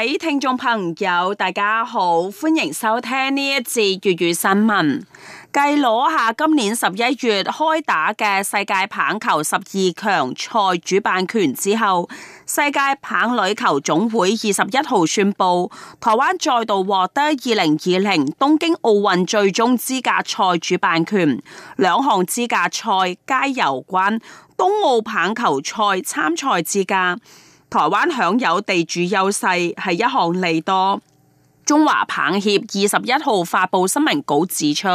各位聽眾朋友，大家好，歡迎收聽呢一節粵語新聞。繼攞下今年十一月開打嘅世界棒球十二強賽主辦權之後，世界棒壘球總會二十一號宣布，台灣再度獲得二零二零東京奧運最終資格賽主辦權，兩項資格賽皆有關東奧棒球賽參賽資格。台灣享有地主優勢係一項利多。中華棒協二十一號發布聲明稿指出，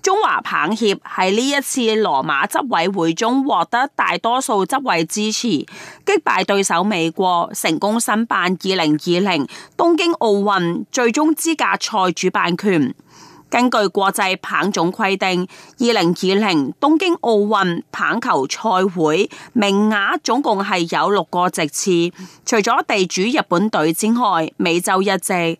中華棒協喺呢一次羅馬執委會中獲得大多數執委支持，擊敗對手美國，成功申辦二零二零東京奧運最終資格賽主辦權。根據國際棒總規定，二零二零東京奧運棒球賽會名額總共係有六個席次，除咗地主日本隊之外，美洲一席、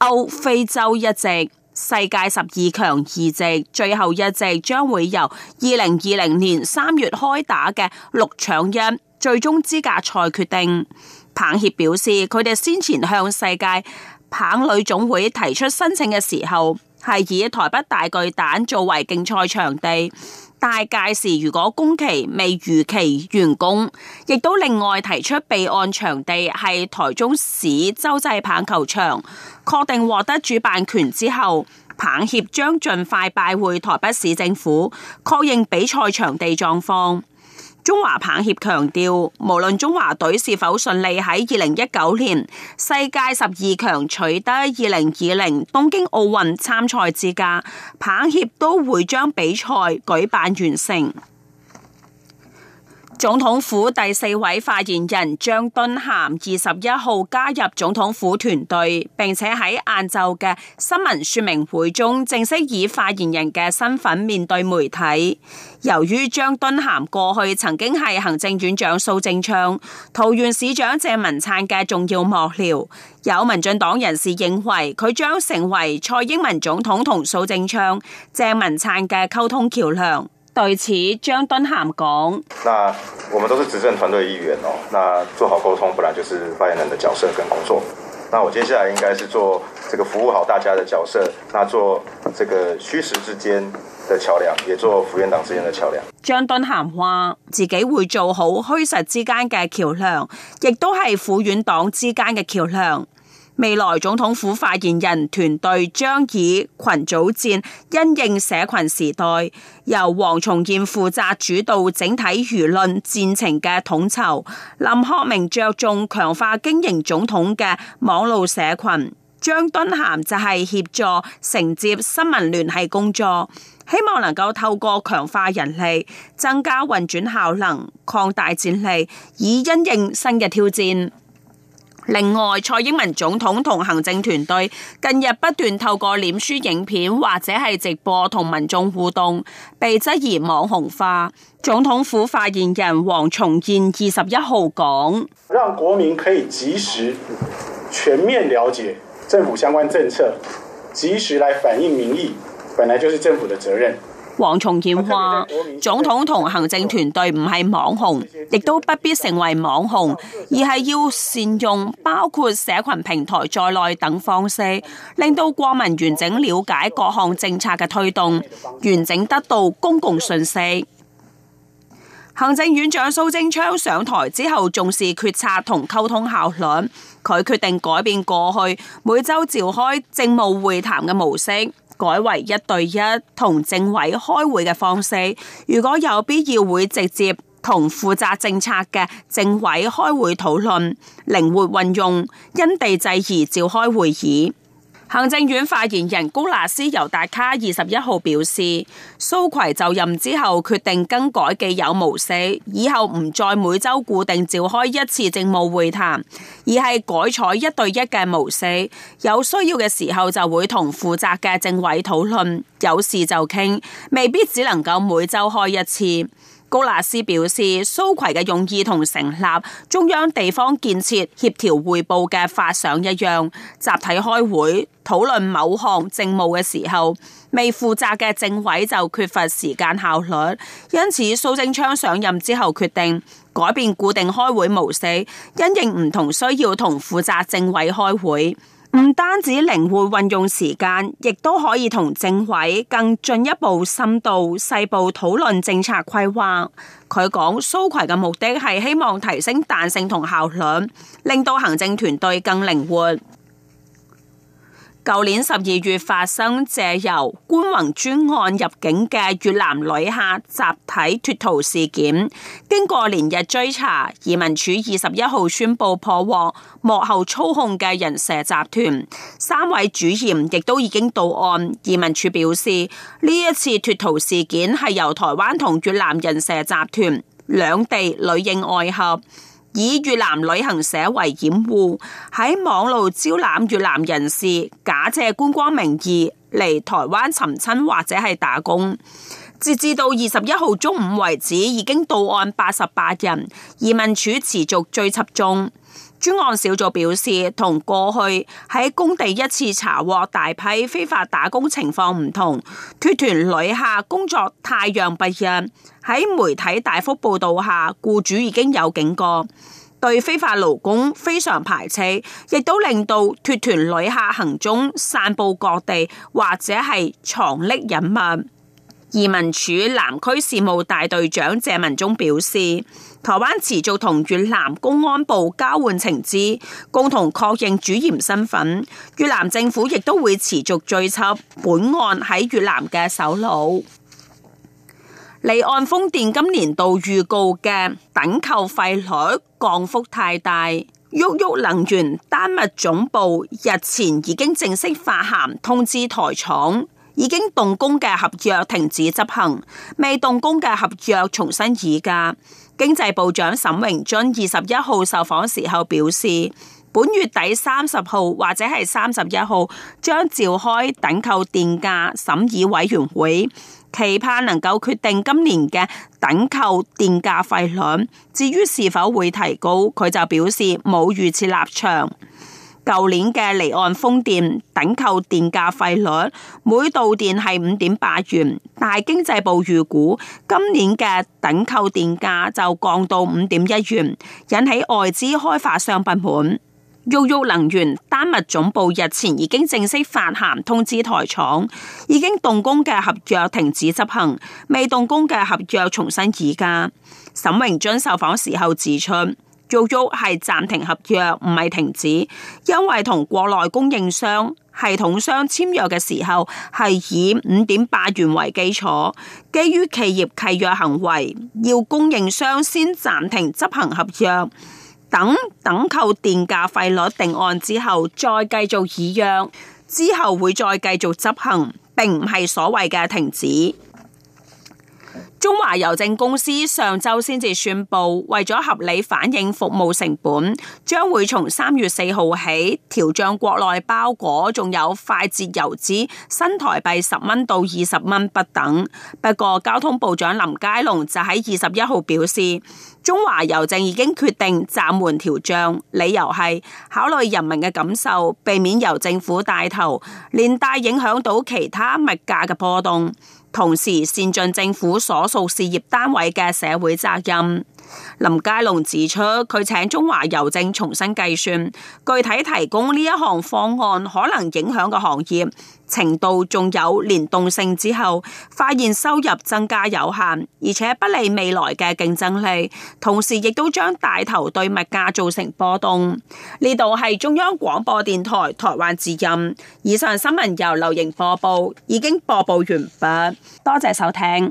歐非洲一席、世界十二強二席，最後一席將會由二零二零年三月開打嘅六搶一最終資格賽決定。棒協表示，佢哋先前向世界棒壘總會提出申請嘅時候。係以台北大巨蛋作為競賽場地，大屆時如果工期未如期完工，亦都另外提出備案場地係台中市洲際棒球場。確定獲得主辦權之後，棒協將盡快拜會台北市政府，確認比賽場地狀況。中華棒協強調，無論中華隊是否順利喺二零一九年世界十二強取得二零二零東京奧運參賽資格，棒協都會將比賽舉辦完成。總統府第四位發言人張惇涵二十一號加入總統府團隊，並且喺晏晝嘅新聞說明會中正式以發言人嘅身份面對媒體。由於張惇涵過去曾經係行政院長蘇貞昌、桃園市長鄭文燦嘅重要幕僚，有民進黨人士認為佢將成為蔡英文總統同蘇貞昌、鄭文燦嘅溝通橋樑。對此，張惇涵講：那我們都是執政團隊一員哦，那做好溝通，本來就是發言人的角色跟工作。那我接下來應該是做這個服務好大家的角色，那做這個虛實之間的橋梁，也做府院黨之間的橋梁。張惇涵話：自己會做好虛實之間嘅橋梁，亦都係府院黨之間嘅橋梁。未來總統府發言人團隊將以群組戰因應社群時代，由黃重健負責主導整體輿論戰情嘅統籌，林鶴明着重強化經營總統嘅網路社群，張惇涵就係協助承接新聞聯繫工作，希望能夠透過強化人力，增加運轉效能，擴大戰力，以因應新嘅挑戰。另外，蔡英文總統同行政團隊近日不斷透過臉書影片或者係直播同民眾互動，被質疑網紅化。總統府發言人黃重諺二十一號講：讓國民可以及時全面了解政府相關政策，及時來反映民意，本來就是政府的責任。黃重諺話：總統同行政團隊唔係網紅，亦都不必成為網紅，而係要善用包括社群平台在內等方式，令到國民完整了解各項政策嘅推動，完整得到公共信息。行政院長蘇貞昌上台之後重視決策同溝通效率，佢決定改變過去每周召開政務會談嘅模式。改為一對一同政委開會嘅方式，如果有必要會直接同負責政策嘅政委開會討論，靈活運用，因地制宜召開會議。行政院發言人高拿斯尤達卡二十一號表示，蘇揆就任之後決定更改既有模式，以後唔再每週固定召開一次政務會談，而係改採一對一嘅模式，有需要嘅時候就會同負責嘅政委討論，有事就傾，未必只能夠每週開一次。高納斯表示，蘇葵嘅用意同成立中央地方建設協調會報嘅發想一樣。集體開會討論某項政務嘅時候，未負責嘅政委就缺乏時間效率。因此，蘇貞昌上任之後決定改變固定開會模式，因應唔同需要同負責政委開會。唔單止靈活運用時間，亦都可以同政委更進一步深度細部討論政策規劃。佢講蘇揆嘅目的係希望提升彈性同效率，令到行政團隊更靈活。舊年十二月發生借由觀宏專案入境嘅越南旅客集體脫逃事件，經過連日追查，移民署二十一號宣布破獲幕後操控嘅人蛇集團，三位主嫌亦都已經到案。移民署表示，呢一次脫逃事件係由台灣同越南人蛇集團兩地女應外合。以越南旅行社為掩護，喺網路招攬越南人士，假借觀光名義嚟台灣尋親或者係打工。截至到二十一號中午為止，已經到案八十八人，移民署持續追緝中。專案小組表示，同過去喺工地一次查獲大批非法打工情況唔同，脫團旅客工作太陽不一，喺媒體大幅報道下，僱主已經有警覺，對非法勞工非常排斥，亦都令到脫團旅客行蹤散佈各地，或者係藏匿隱密。移民署南區事務大隊長謝文忠表示，台灣持續同越南公安部交換情資，共同確認主嫌身份。越南政府亦都會持續追緝本案喺越南嘅首腦。離岸風電今年度預告嘅躉購費率降幅太大，沃旭能源丹麥總部日前已經正式發函通知台廠。已經動工嘅合約停止執行，未動工嘅合約重新議價。經濟部長沈榮津二十一號受訪時候表示，本月底三十號或者係三十一號將召開躉購電價審議委員會，期盼能夠決定今年嘅躉購電價費率。至於是否會提高，佢就表示冇預設立場。舊年嘅離岸風電躉購電價費率每度電係五點八元，但係經濟部預估今年嘅躉購電價就降到五點一元，引起外資開發商不滿。沃旭能源丹麥總部日前已經正式發函通知台廠，已經動工嘅合約停止執行，未動工嘅合約重新議價。沈榮津受訪時候指出，足足係暫停合約，唔係停止，因為同國內供應商系統商簽約嘅時候係以五點八元為基礎，基於企業契約行為，要供應商先暫停執行合約，等等躉購電價費率定案之後再繼續履約，之後會再繼續執行，並唔係所謂嘅停止。中華郵政公司上周先至宣布，為咗合理反映服務成本，將會從三月四號起調漲國內包裹，仲有快捷郵資，新台幣十蚊到二十蚊不等。不過，交通部長林佳龍就喺二十一號表示，中華郵政已經決定暫緩調漲，理由係考慮人民嘅感受，避免由政府帶頭，連帶影響到其他物價嘅波動。同時善盡政府所屬事業單位嘅社會責任。林佳龍指出，佢請中華郵政重新計算具體提供呢一項方案可能影響嘅行業程度，仲有聯動性之後，發現收入增加有限，而且不利未來嘅競爭力，同時亦都將帶頭對物價造成波動。呢度係中央廣播電台台灣之音。以上新聞由劉瑩播報已經播報完畢，多謝收聽。